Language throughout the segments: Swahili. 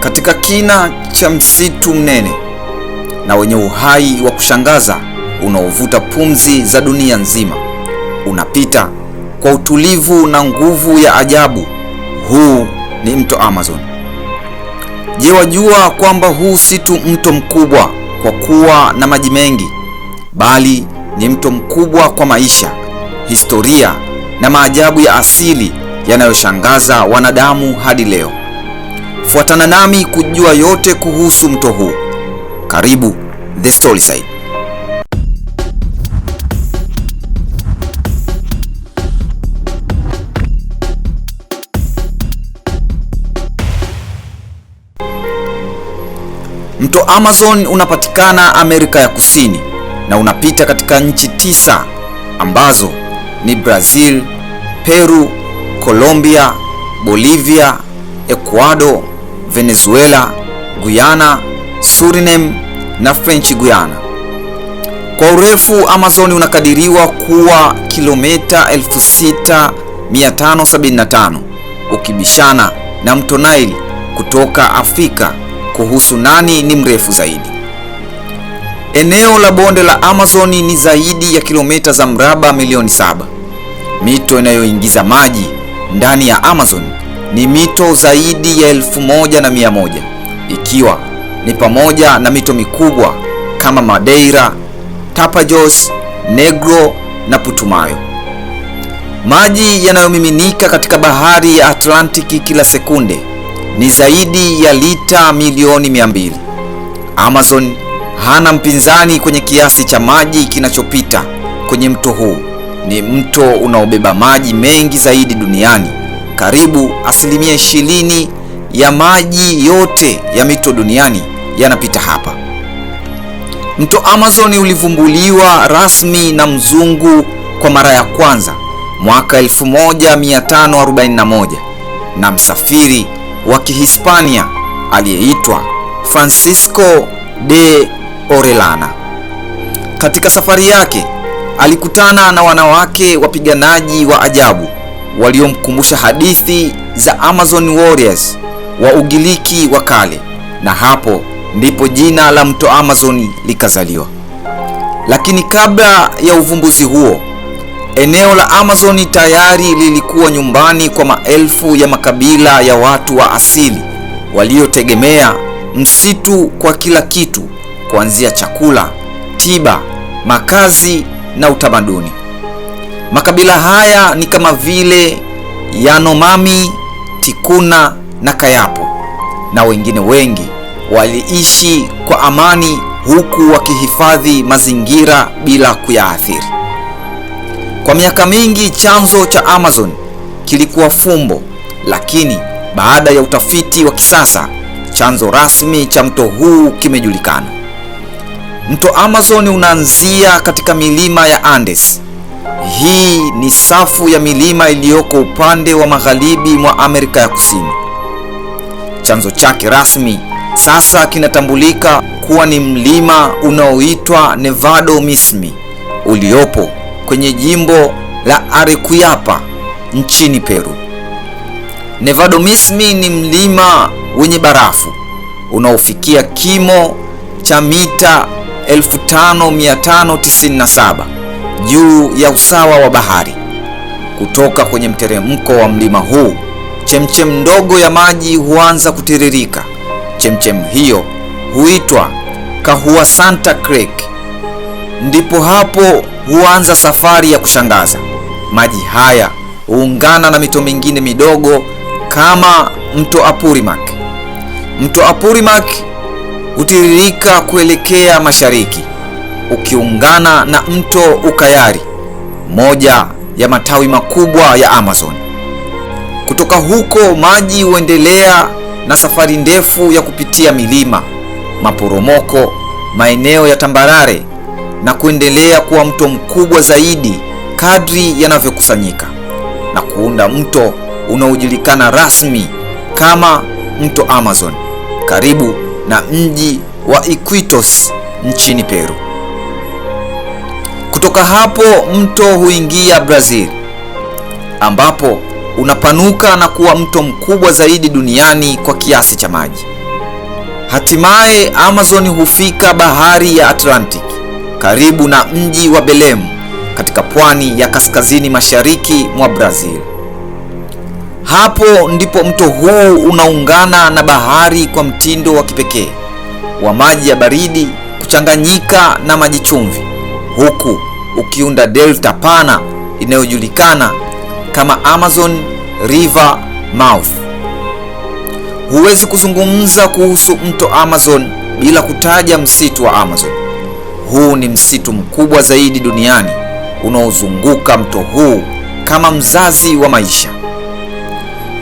Katika kina cha msitu mnene na wenye uhai wa kushangaza unaovuta pumzi za dunia nzima, unapita kwa utulivu na nguvu ya ajabu. Huu ni mto Amazon. Je, wajua kwamba huu si tu mto mkubwa kwa kuwa na maji mengi, bali ni mto mkubwa kwa maisha, historia na maajabu ya asili yanayoshangaza wanadamu hadi leo. Fuatana nami kujua yote kuhusu mto huu. Karibu The Side. Mto Amazon unapatikana Amerika ya Kusini na unapita katika nchi tisa ambazo ni Brazil, Peru, Colombia, Bolivia, Ecuador, Venezuela, Guyana, Suriname na French Guiana. Kwa urefu Amazon unakadiriwa kuwa kilomita 6575 ukibishana na mto Nile kutoka Afrika kuhusu nani ni mrefu zaidi. Eneo la bonde la amazoni ni zaidi ya kilomita za mraba milioni saba. Mito inayoingiza maji ndani ya Amazon ni mito zaidi ya elfu moja na mia moja ikiwa ni pamoja na mito mikubwa kama Madeira, Tapajos, Negro na Putumayo. Maji yanayomiminika katika bahari ya Atlantiki kila sekunde ni zaidi ya lita milioni mbili. Amazon hana mpinzani kwenye kiasi cha maji kinachopita kwenye mto huu ni mto unaobeba maji mengi zaidi duniani. Karibu asilimia ishirini ya maji yote ya mito duniani yanapita hapa. Mto Amazon ulivumbuliwa rasmi na mzungu kwa mara ya kwanza mwaka 1541 na msafiri wa Kihispania aliyeitwa Francisco de Orellana. Katika safari yake alikutana na wanawake wapiganaji wa ajabu waliomkumbusha hadithi za Amazon Warriors wa Ugiriki wa kale, na hapo ndipo jina la mto Amazon likazaliwa. Lakini kabla ya uvumbuzi huo, eneo la Amazon tayari lilikuwa nyumbani kwa maelfu ya makabila ya watu wa asili waliotegemea msitu kwa kila kitu, kuanzia chakula, tiba, makazi na utamaduni. Makabila haya ni kama vile Yanomami, Tikuna na Kayapo na wengine wengi waliishi kwa amani huku wakihifadhi mazingira bila kuyaathiri. Kwa miaka mingi chanzo cha Amazon kilikuwa fumbo, lakini baada ya utafiti wa kisasa chanzo rasmi cha mto huu kimejulikana. Mto Amazon unaanzia katika milima ya Andes. Hii ni safu ya milima iliyoko upande wa magharibi mwa Amerika ya Kusini. Chanzo chake rasmi sasa kinatambulika kuwa ni mlima unaoitwa Nevado Mismi uliopo kwenye jimbo la Arequipa nchini Peru. Nevado Mismi ni mlima wenye barafu unaofikia kimo cha mita 5597 juu ya usawa wa bahari. Kutoka kwenye mteremko wa mlima huu, chemchem ndogo ya maji huanza kutiririka. Chemchem hiyo huitwa Kahua Santa Creek. Ndipo hapo huanza safari ya kushangaza. Maji haya huungana na mito mingine midogo kama mto Apurimac. Mto Apurimac hutiririka kuelekea mashariki ukiungana na mto Ukayari, moja ya matawi makubwa ya Amazon. Kutoka huko maji huendelea na safari ndefu ya kupitia milima, maporomoko, maeneo ya tambarare na kuendelea kuwa mto mkubwa zaidi kadri yanavyokusanyika na kuunda mto unaojulikana rasmi kama mto Amazon karibu na mji wa Iquitos nchini Peru. Kutoka hapo mto huingia Brazil ambapo unapanuka na kuwa mto mkubwa zaidi duniani kwa kiasi cha maji. Hatimaye Amazon hufika bahari ya Atlantic karibu na mji wa Belem katika pwani ya kaskazini mashariki mwa Brazil. Hapo ndipo mto huu unaungana na bahari kwa mtindo wa kipekee wa maji ya baridi kuchanganyika na maji chumvi, huku ukiunda delta pana inayojulikana kama Amazon River Mouth. Huwezi kuzungumza kuhusu mto Amazon bila kutaja msitu wa Amazon. Huu ni msitu mkubwa zaidi duniani unaozunguka mto huu kama mzazi wa maisha.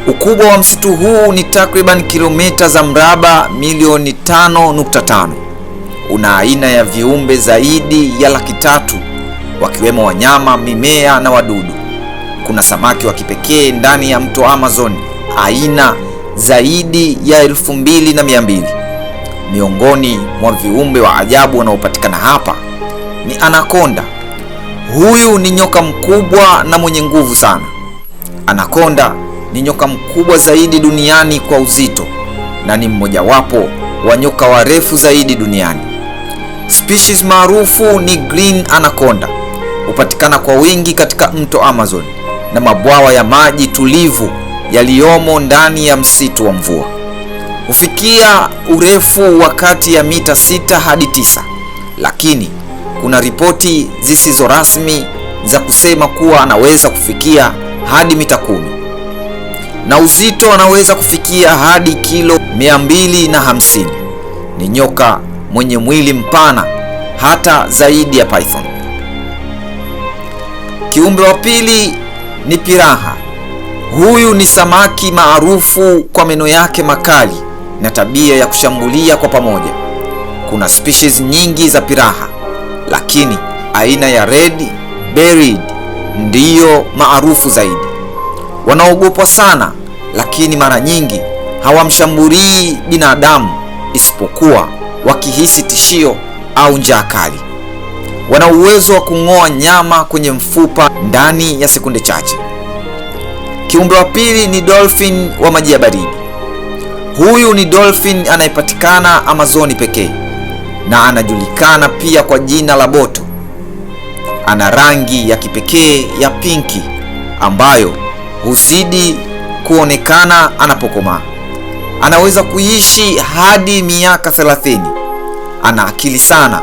Ukubwa wa msitu huu ni takriban kilomita za mraba milioni 5.5. Una aina ya viumbe zaidi ya laki tatu wakiwemo wanyama, mimea na wadudu. Kuna samaki wa kipekee ndani ya mto Amazon aina zaidi ya elfu mbili na mia mbili. Miongoni mwa viumbe wa ajabu wanaopatikana hapa ni anakonda. Huyu ni nyoka mkubwa na mwenye nguvu sana. Anakonda ni nyoka mkubwa zaidi duniani kwa uzito na ni mmojawapo wa nyoka warefu zaidi duniani. Species maarufu ni Green Anaconda. Hupatikana kwa wingi katika mto Amazon na mabwawa ya maji tulivu yaliyomo ndani ya msitu wa mvua. Hufikia urefu wa kati ya mita 6 hadi tisa, lakini kuna ripoti zisizo rasmi za kusema kuwa anaweza kufikia hadi mita kumi na uzito anaweza kufikia hadi kilo 250. Ni nyoka mwenye mwili mpana hata zaidi ya python. Kiumbe wa pili ni piraha. Huyu ni samaki maarufu kwa meno yake makali na tabia ya kushambulia kwa pamoja. Kuna species nyingi za piraha, lakini aina ya red-bellied ndiyo maarufu zaidi wanaogopwa sana, lakini mara nyingi hawamshambulii binadamu isipokuwa wakihisi tishio au njaa kali. Wana uwezo wa kung'oa nyama kwenye mfupa ndani ya sekunde chache. Kiumbe wa pili ni dolphin wa maji ya baridi. Huyu ni dolphin anayepatikana Amazoni pekee na anajulikana pia kwa jina la boto. Ana rangi ya kipekee ya pinki ambayo huzidi kuonekana anapokomaa. Anaweza kuishi hadi miaka 30. Ana akili sana.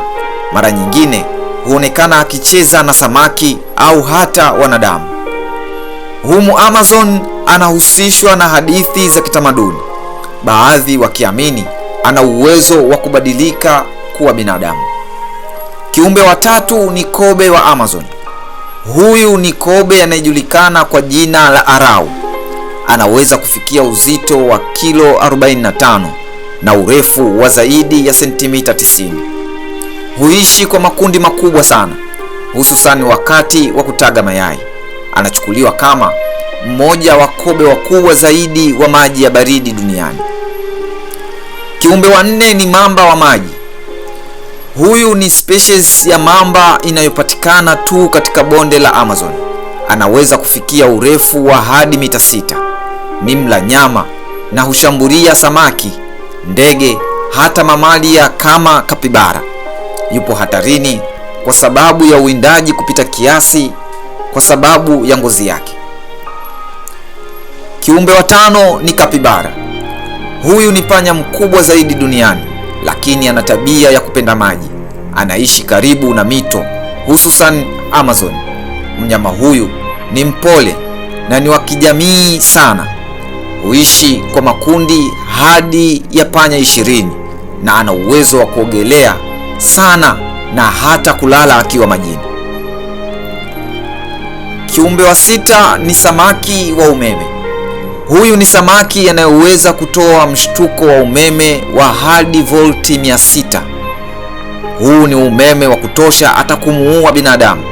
Mara nyingine huonekana akicheza na samaki au hata wanadamu. Humu Amazon anahusishwa na hadithi za kitamaduni, baadhi wakiamini ana uwezo wa kubadilika kuwa binadamu. Kiumbe wa tatu ni kobe wa Amazon. Huyu ni kobe anayejulikana kwa jina la arau. Anaweza kufikia uzito wa kilo 45 na urefu wa zaidi ya sentimita 90. Huishi kwa makundi makubwa sana, hususani wakati wa kutaga mayai. Anachukuliwa kama mmoja wa kobe wakubwa zaidi wa maji ya baridi duniani. Kiumbe wa nne ni mamba wa maji. Huyu ni species ya mamba inayopatikana tu katika bonde la Amazon. Anaweza kufikia urefu wa hadi mita sita. Ni mla nyama na hushambulia samaki, ndege, hata mamalia kama kapibara. Yupo hatarini kwa sababu ya uwindaji kupita kiasi kwa sababu ya ngozi yake. Kiumbe wa tano ni kapibara. Huyu ni panya mkubwa zaidi duniani lakini ana tabia ya kupenda maji. Anaishi karibu na mito, hususan Amazon. Mnyama huyu ni mpole na ni wa kijamii sana. Huishi kwa makundi hadi ya panya ishirini na ana uwezo wa kuogelea sana na hata kulala akiwa majini. Kiumbe wa sita ni samaki wa umeme. Huyu ni samaki anayeweza kutoa mshtuko wa umeme wa hadi volti 600. Huu ni umeme wa kutosha hata kumuua binadamu.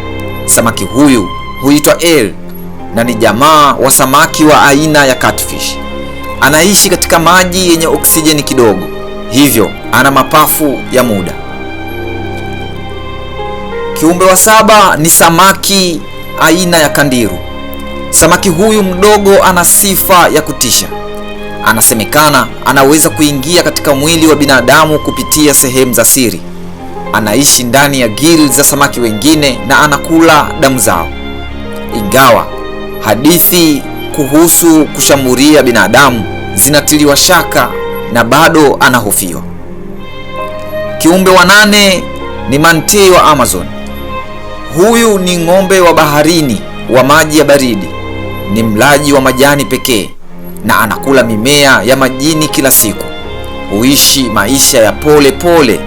Samaki huyu huitwa eel na ni jamaa wa samaki wa aina ya catfish. Anaishi katika maji yenye oksijeni kidogo, hivyo ana mapafu ya muda. Kiumbe wa saba ni samaki aina ya kandiru. Samaki huyu mdogo ana sifa ya kutisha. Anasemekana anaweza kuingia katika mwili wa binadamu kupitia sehemu za siri. Anaishi ndani ya gili za samaki wengine na anakula damu zao. Ingawa hadithi kuhusu kushambulia binadamu zinatiliwa shaka na bado anahofiwa. Kiumbe wa nane ni mantei wa Amazon. Huyu ni ng'ombe wa baharini wa maji ya baridi ni mlaji wa majani pekee na anakula mimea ya majini kila siku. Huishi maisha ya pole pole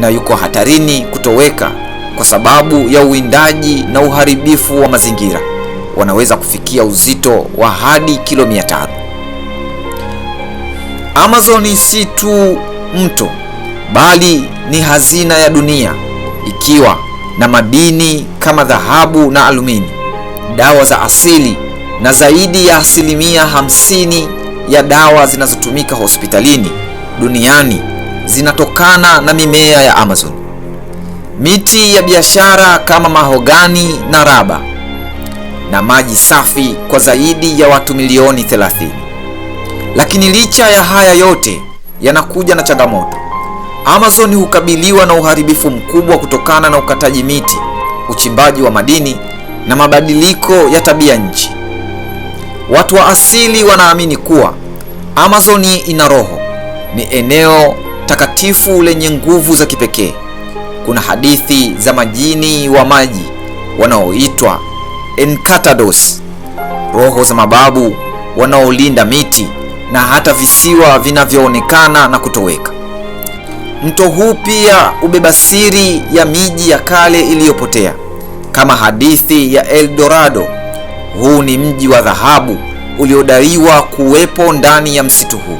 na yuko hatarini kutoweka kwa sababu ya uwindaji na uharibifu wa mazingira. Wanaweza kufikia uzito wa hadi kilo mia tano. Amazoni si tu mto bali ni hazina ya dunia ikiwa na madini kama dhahabu na alumini, dawa za asili na zaidi ya asilimia 50 ya dawa zinazotumika hospitalini duniani zinatokana na mimea ya Amazon. Miti ya biashara kama mahogani na raba na maji safi kwa zaidi ya watu milioni 30. Lakini licha ya haya yote yanakuja na changamoto. Amazon hukabiliwa na uharibifu mkubwa kutokana na ukataji miti, uchimbaji wa madini na mabadiliko ya tabia nchi. Watu wa asili wanaamini kuwa Amazon ina roho, ni eneo takatifu lenye nguvu za kipekee. Kuna hadithi za majini wa maji wanaoitwa Encantados, roho za mababu wanaolinda miti na hata visiwa vinavyoonekana na kutoweka. Mto huu pia ubeba siri ya miji ya kale iliyopotea kama hadithi ya Eldorado huu ni mji wa dhahabu uliodaiwa kuwepo ndani ya msitu huu.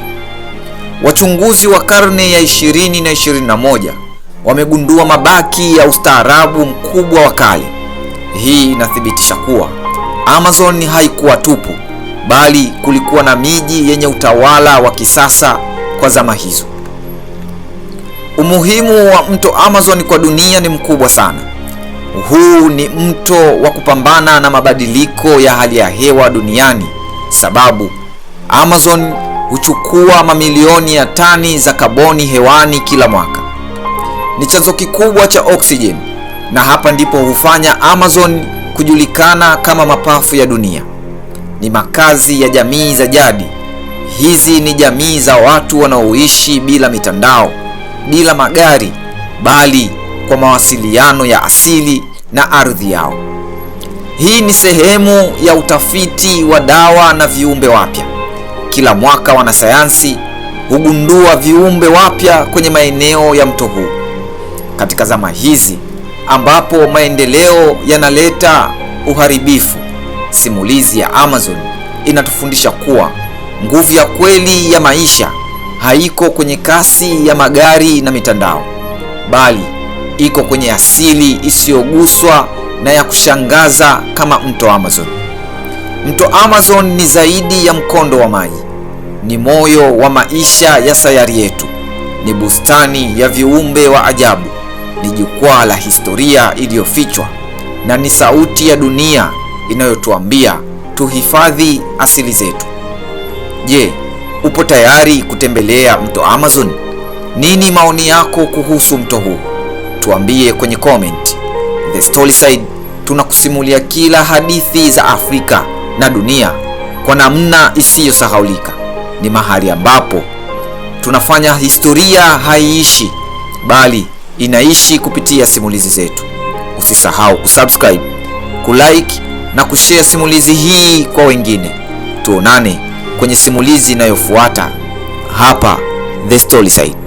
Wachunguzi wa karne ya 20 na 21 wamegundua mabaki ya ustaarabu mkubwa wa kale. Hii inathibitisha kuwa Amazon haikuwa tupu, bali kulikuwa na miji yenye utawala wa kisasa kwa zama hizo. Umuhimu wa mto Amazon kwa dunia ni mkubwa sana. Huu ni mto wa kupambana na mabadiliko ya hali ya hewa duniani, sababu Amazon huchukua mamilioni ya tani za kaboni hewani kila mwaka. Ni chanzo kikubwa cha oksijeni, na hapa ndipo hufanya Amazon kujulikana kama mapafu ya dunia. Ni makazi ya jamii za jadi. Hizi ni jamii za watu wanaoishi bila mitandao, bila magari, bali kwa mawasiliano ya asili na ardhi yao. Hii ni sehemu ya utafiti wa dawa na viumbe wapya. Kila mwaka wanasayansi hugundua viumbe wapya kwenye maeneo ya mto huu. Katika zama hizi ambapo maendeleo yanaleta uharibifu, simulizi ya Amazon inatufundisha kuwa nguvu ya kweli ya maisha haiko kwenye kasi ya magari na mitandao, bali iko kwenye asili isiyoguswa na ya kushangaza kama mto Amazon. Mto Amazon ni zaidi ya mkondo wa maji, ni moyo wa maisha ya sayari yetu, ni bustani ya viumbe wa ajabu, ni jukwaa la historia iliyofichwa, na ni sauti ya dunia inayotuambia tuhifadhi asili zetu. Je, upo tayari kutembelea mto Amazon? Nini maoni yako kuhusu mto huu? tuambie kwenye comment. The Storyside tunakusimulia kila hadithi za Afrika na dunia kwa namna isiyosahaulika. Ni mahali ambapo tunafanya historia haiishi, bali inaishi kupitia simulizi zetu. Usisahau kusubscribe, kulike na kushare simulizi hii kwa wengine. Tuonane kwenye simulizi inayofuata hapa The Storyside.